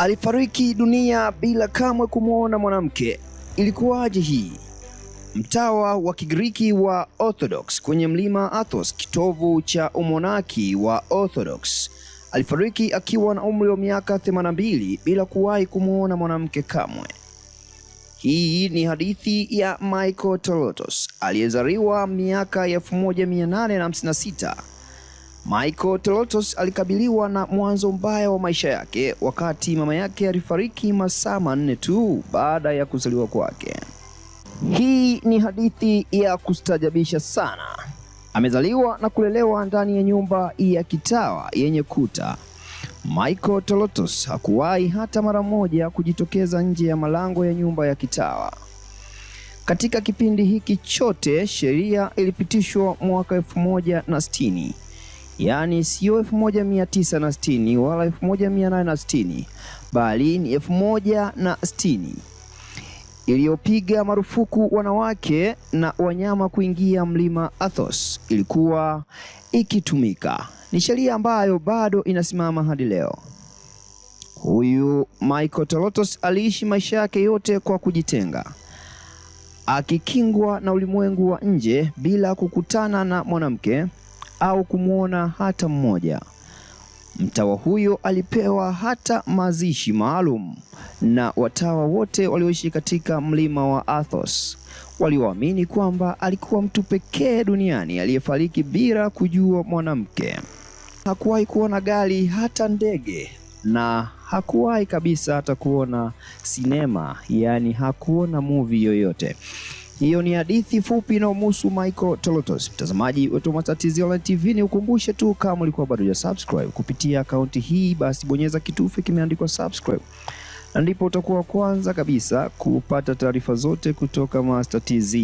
alifariki dunia bila kamwe kumwona mwanamke. Ilikuwaje hii? Mtawa wa Kigiriki wa Orthodox kwenye mlima Athos, kitovu cha umonaki wa Orthodox, alifariki akiwa na umri wa miaka 82 bila kuwahi kumwona mwanamke kamwe. Hii ni hadithi ya Michael Tolotos aliyezaliwa miaka 1856 Michael Tolotos alikabiliwa na mwanzo mbaya wa maisha yake wakati mama yake alifariki masaa manne tu baada ya kuzaliwa kwake. Hii ni hadithi ya kustajabisha sana. Amezaliwa na kulelewa ndani ya nyumba ya kitawa yenye kuta. Michael Tolotos hakuwahi hata mara moja kujitokeza nje ya malango ya nyumba ya kitawa. Katika kipindi hiki chote, sheria ilipitishwa mwaka elfu moja na sitini yaani siyo elfu moja mia na wala 1860 bali ni elfu moja na iliyopiga marufuku wanawake na wanyama kuingia mlima Athos ilikuwa ikitumika. Ni sheria ambayo bado inasimama hadi leo. Huyu Michael Tolotos aliishi maisha yake yote kwa kujitenga, akikingwa na ulimwengu wa nje bila kukutana na mwanamke, au kumwona hata mmoja. Mtawa huyo alipewa hata mazishi maalum na watawa wote walioishi katika mlima wa Athos walioamini kwamba alikuwa mtu pekee duniani aliyefariki bila kujua mwanamke. Hakuwahi kuona gari hata ndege, na hakuwahi kabisa hata kuona sinema, yaani hakuona movie yoyote. Hiyo ni hadithi fupi inayomhusu Michael Tolotos. Mtazamaji wetu Matatizo Online TV, ni ukumbushe tu, kama ulikuwa bado ya subscribe kupitia akaunti hii, basi bonyeza kitufe kimeandikwa subscribe, na ndipo utakuwa kwanza kabisa kupata taarifa zote kutoka Master TZ.